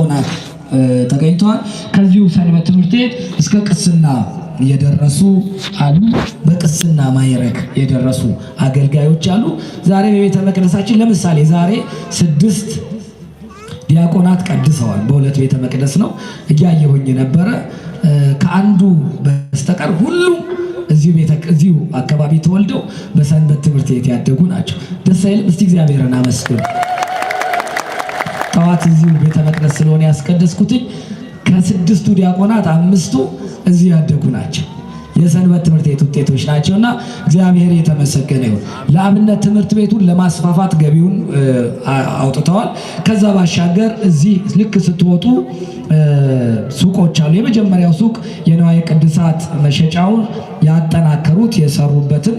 ዲያቆናት ተገኝተዋል። ከዚሁ ሰንበት ትምህርት ቤት እስከ ቅስና የደረሱ አሉ። በቅስና ማዕረግ የደረሱ አገልጋዮች አሉ። ዛሬ በቤተ መቅደሳችን ለምሳሌ ዛሬ ስድስት ዲያቆናት ቀድሰዋል። በሁለት ቤተ መቅደስ ነው እያየሁኝ ነበረ። ከአንዱ በስተቀር ሁሉም እዚሁ አካባቢ ተወልደው በሰንበት ትምህርት ቤት ያደጉ ናቸው። ደስ አይልም? እስቲ እግዚአብሔርን አመስግኑ። ጠዋት እዚሁ ቤተ መቅደስ ስለሆነ ያስቀደስኩትኝ ከስድስቱ ዲያቆናት አምስቱ እዚህ ያደጉ ናቸው። የሰንበት ትምህርት ቤት ውጤቶች ናቸው እና እግዚአብሔር የተመሰገነ ይሁን። ለአብነት ትምህርት ቤቱን ለማስፋፋት ገቢውን አውጥተዋል። ከዛ ባሻገር እዚህ ልክ ስትወጡ ሱቆች አሉ። የመጀመሪያው ሱቅ የንዋየ ቅድሳት መሸጫውን ያጠናከሩት የሰሩበትን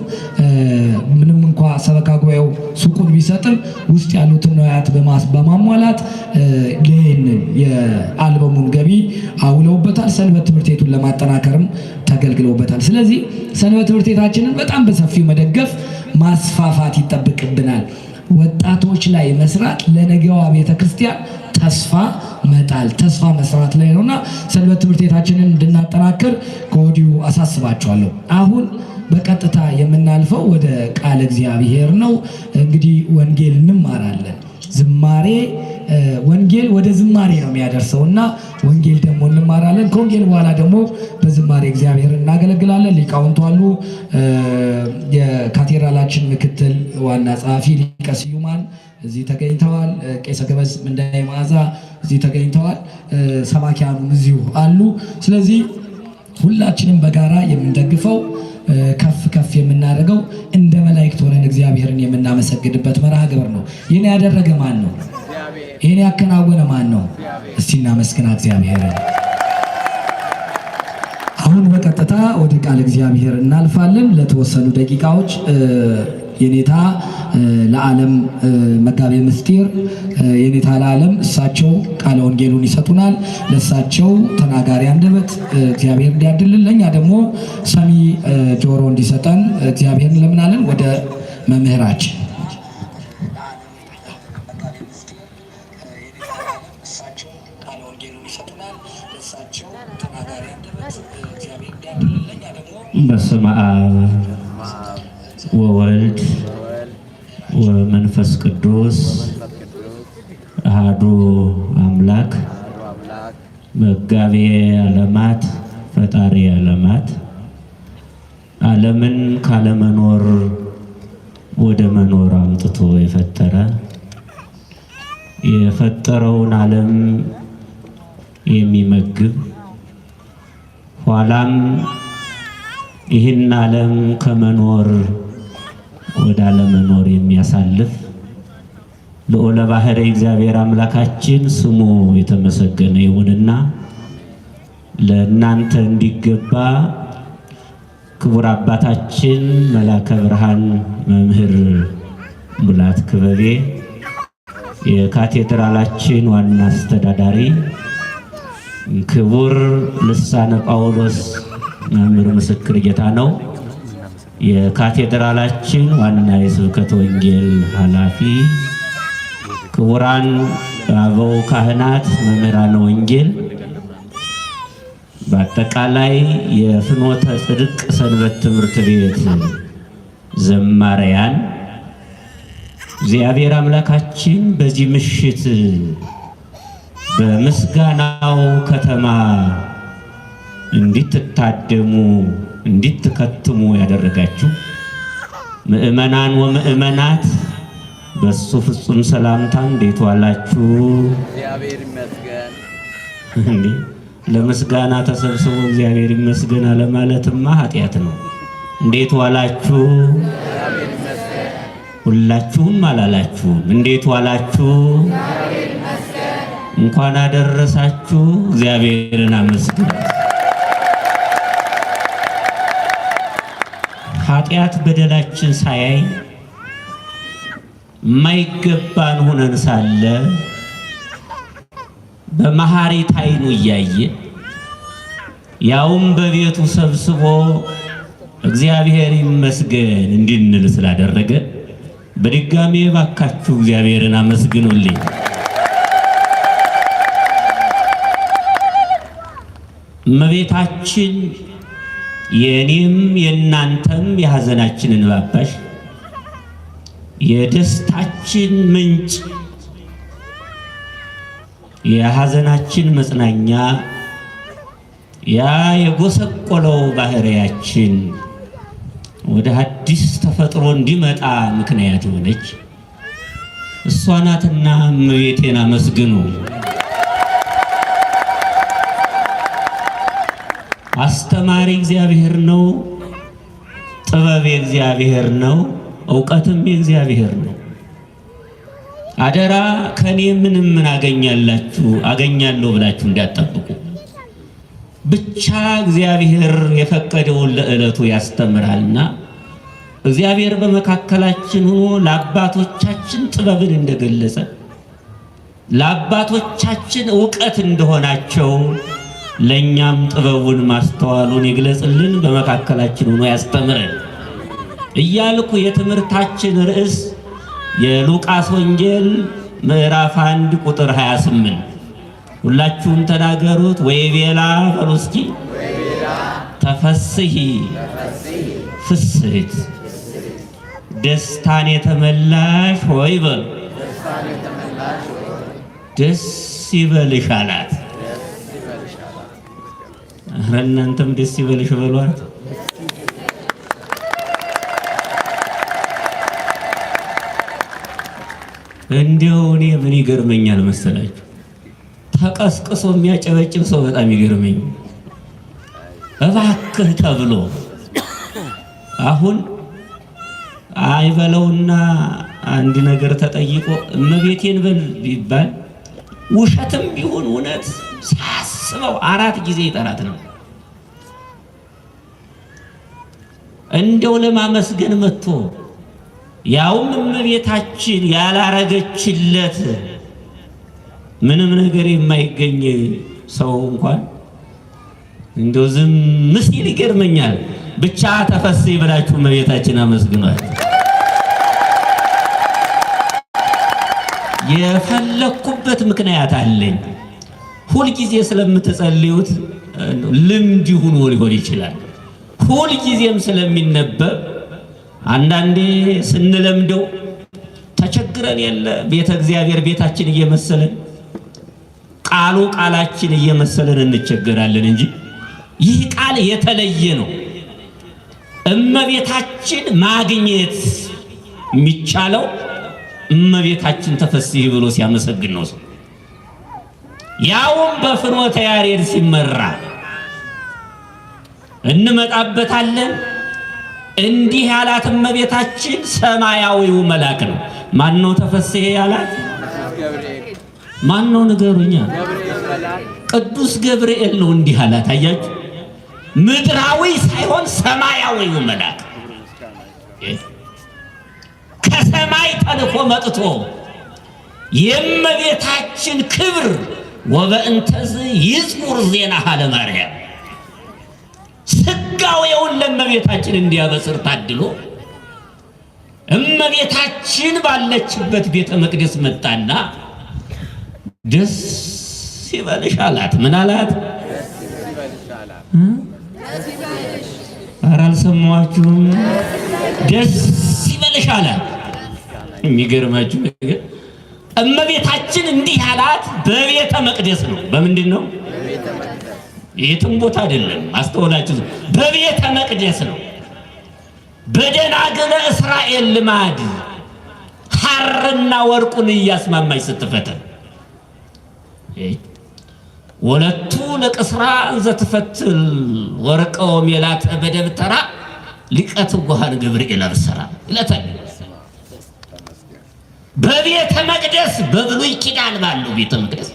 ምንም እንኳ ሰበካ ጉባኤው ሱቁን ቢሰጥም ውስጥ ያሉትን ንዋያት በማሟላት ይህንን የአልበሙን ገቢ አውለውበታል። ሰንበት ትምህርት ቤቱን ለማጠናከርም ተገልግለውበታል። ስለዚህ ሰንበት ትምህርት ቤታችንን በጣም በሰፊው መደገፍ ማስፋፋት ይጠብቅብናል። ወጣቶች ላይ መስራት ለነገዋ ቤተክርስቲያን ተስፋ መጣል ተስፋ መስራት ላይ ነውና ሰንበት ትምህርት ቤታችንን እንድናጠናክር ከወዲሁ አሳስባቸዋለሁ። አሁን በቀጥታ የምናልፈው ወደ ቃለ እግዚአብሔር ነው። እንግዲህ ወንጌል እንማራለን። ዝማሬ ወንጌል ወደ ዝማሬ ነው የሚያደርሰው እና ወንጌል ደግሞ እንማራለን። ከወንጌል በኋላ ደግሞ በዝማሬ እግዚአብሔር እናገለግላለን። ሊቃውንቱ አሉ። የካቴድራላችን ምክትል ዋና ጸሐፊ ሊቀ ስዩማን እዚህ ተገኝተዋል። ቄሰ ገበዝ ምንዳይ መዓዛ እዚህ ተገኝተዋል። ሰባኪያኑም እዚሁ አሉ። ስለዚህ ሁላችንም በጋራ የምንደግፈው ከፍ ከፍ የምናደርገው እንደ መላእክት ሆነን እግዚአብሔርን የምናመሰግንበት መርሃ ግብር ነው። ይህን ያደረገ ማን ነው? ይህን ያከናወነ ማን ነው? እስቲ እናመስግና እግዚአብሔርን። አሁን በቀጥታ ወደ ቃል እግዚአብሔር እናልፋለን። ለተወሰኑ ደቂቃዎች የኔታ ለዓለም መጋቤ ምስጢር የኔታ ለዓለም እሳቸው ቃለ ወንጌሉን ይሰጡናል። ለእሳቸው ተናጋሪ አንደበት እግዚአብሔር እንዲያድልን ለእኛ ደግሞ ሰሚ ጆሮ እንዲሰጠን እግዚአብሔር እንለምናለን። ወደ መምህራችን በስመ አብ ወወልድ ወመንፈስ ቅዱስ አሐዱ አምላክ መጋቤ ዓለማት ፈጣሪ ዓለማት ዓለምን ካለመኖር ወደ መኖር አምጥቶ የፈጠረ የፈጠረውን ዓለም የሚመግብ ኋላም ይህን ዓለም ከመኖር ወደ አለመኖር የሚያሳልፍ ልዑለ ባህረ እግዚአብሔር አምላካችን ስሙ የተመሰገነ ይሁንና ለእናንተ እንዲገባ ክቡር አባታችን መላከ ብርሃን መምህር ሙላት ክበቤ የካቴድራላችን ዋና አስተዳዳሪ፣ ክቡር ልሳነ ጳውሎስ መምህር ምስክር ጌታ ነው የካቴድራላችን ዋና የስብከት ወንጌል ኃላፊ ክቡራን አበው ካህናት፣ መምህራን ወንጌል፣ በአጠቃላይ የፍኖተ ጽድቅ ሰንበት ትምህርት ቤት ዘማሪያን እግዚአብሔር አምላካችን በዚህ ምሽት በምስጋናው ከተማ እንዲትታደሙ እንዲትከትሙ ያደረጋችሁ ምእመናን ወምእመናት በሱ ፍጹም ሰላምታ እንዴት ዋላችሁ? እግዚአብሔር ይመስገን። ለምስጋና ተሰብስቦ እግዚአብሔር ይመስገን አለማለትማ ኃጢአት ነው። እንዴት ዋላችሁ? ሁላችሁም አላላችሁም። እንዴት ዋላችሁ? እንኳን አደረሳችሁ። እግዚአብሔርን አመስግን ኃጢአት በደላችን ሳያይ የማይገባን ሆነን ሳለ በመሐሪት ዓይኑ እያየ ያውም በቤቱ ሰብስቦ እግዚአብሔር ይመስገን እንድንል ስላደረገ በድጋሜ ባካችሁ እግዚአብሔርን አመስግኑልኝ። እመቤታችን የእኔም የእናንተም የሐዘናችንን ባባሽ የደስታችን ምንጭ የሐዘናችን መጽናኛ ያ የጎሰቆለው ባህሪያችን ወደ አዲስ ተፈጥሮ እንዲመጣ ምክንያት የሆነች እሷ ናትና እመቤቴን አመስግኑ። አስተማሪ እግዚአብሔር ነው። ጥበብ የእግዚአብሔር ነው። እውቀትም የእግዚአብሔር ነው። አደራ ከኔ ምንም ምን አገኛላችሁ አገኛለሁ ብላችሁ እንዳትጠብቁ። ብቻ እግዚአብሔር የፈቀደውን ለዕለቱ ያስተምራልና እግዚአብሔር በመካከላችን ሆኖ ለአባቶቻችን ጥበብን እንደገለጸ ለአባቶቻችን እውቀት እንደሆናቸው ለእኛም ጥበቡን ማስተዋሉን ይግለጽልን፣ በመካከላችን ሆኖ ያስተምረን እያልኩ የትምህርታችን ርዕስ የሉቃስ ወንጌል ምዕራፍ 1 ቁጥር 28 ሁላችሁም ተናገሩት። ወይቤላ ፈሉስኪ ተፈስሂ ፍስህት ደስታን የተመላሽ ሆይ በሉ ደስ ይበልሽ አላት። ኧረ እናንተም ደስ ይበልሽ በሏት። እንዲያው እኔ ምን ይገርመኛል መሰላችሁ ተቀስቅሶ የሚያጨበጭብ ሰው በጣም ይገርመኝ። እባክህ ተብሎ አሁን አይበለውና አንድ ነገር ተጠይቆ እመቤቴን በል ቢባል ውሸትም ቢሆን እውነት ሳስበው አራት ጊዜ ይጠራት ነው። እንደው ለማመስገን መጥቶ ያውም እመቤታችን ያላረገችለት ምንም ነገር የማይገኝ ሰው እንኳን እንደው ዝም ሲል ይገርመኛል። ብቻ ተፈሴ ብላችሁ እመቤታችን አመስግኗል። የፈለኩበት ምክንያት አለኝ። ሁልጊዜ ስለምትጸልዩት ልምድ ይሁን ሊሆን ይችላል ሁል ጊዜም ስለሚነበብ አንዳንዴ ስንለምደው ተቸግረን የለ ቤተ እግዚአብሔር ቤታችን እየመሰለን ቃሉ ቃላችን እየመሰለን እንቸገራለን እንጂ ይህ ቃል የተለየ ነው። እመቤታችን ማግኘት የሚቻለው እመቤታችን ተፈሥሒ ብሎ ሲያመሰግን ነው ያውም በፍኖተ ያሬድ ሲመራ እንመጣበታለን። እንዲህ ያላት እመቤታችን ሰማያዊው መልአክ ነው። ማን ነው ተፈሥሒ ያላት? ማን ነው ንገሩኛ? ቅዱስ ገብርኤል ነው እንዲህ ያላት። አያችሁ፣ ምድራዊ ሳይሆን ሰማያዊው መልአክ ከሰማይ ተልኮ መጥቶ የእመቤታችን ክብር ወበእንተዝ ይጽሙር ዜና ሀለማርያ። ማርያም ስጋዌውን ለእመቤታችን እንዲያበስር ታድሎ እመቤታችን ባለችበት ቤተ መቅደስ መጣና ደስ ይበልሽ አላት። ምን አላት? ኧረ አልሰማችሁም? ደስ ይበልሽ አላት። የሚገርማችሁ ነገር እመቤታችን እንዲህ አላት በቤተ መቅደስ ነው። በምንድን ነው? የትም ቦታ አይደለም። አስተውላችሁ በቤተ መቅደስ ነው። በደናግለ እስራኤል ልማድ ሐርና ወርቁን እያስማማች ስትፈተን ወለቱ ለቅስራ ዘትፈትል ወርቀው ሜላተ በደብተራ ሊቀት ጓሃን ገብርኤል አብሰራ ይለታል። በቤተ መቅደስ በብሉይ ኪዳን ባለው ቤተ መቅደስ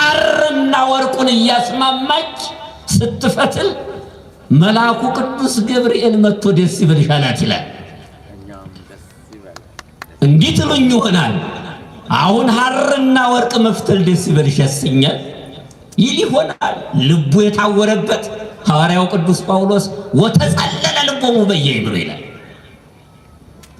ሐርና ወርቁን እያስማማች ስትፈትል መልአኩ ቅዱስ ገብርኤል መጥቶ ደስ ይበልሻላት ይላል። እንዲህ ትሉኝ ይሆናል። አሁን ሐርና ወርቅ መፍተል ደስ ይበልሽ ያሰኛል ይል ይሆናል። ልቡ የታወረበት ሐዋርያው ቅዱስ ጳውሎስ ወተጸለለ ልቦሙ በየይምሩ ይላል።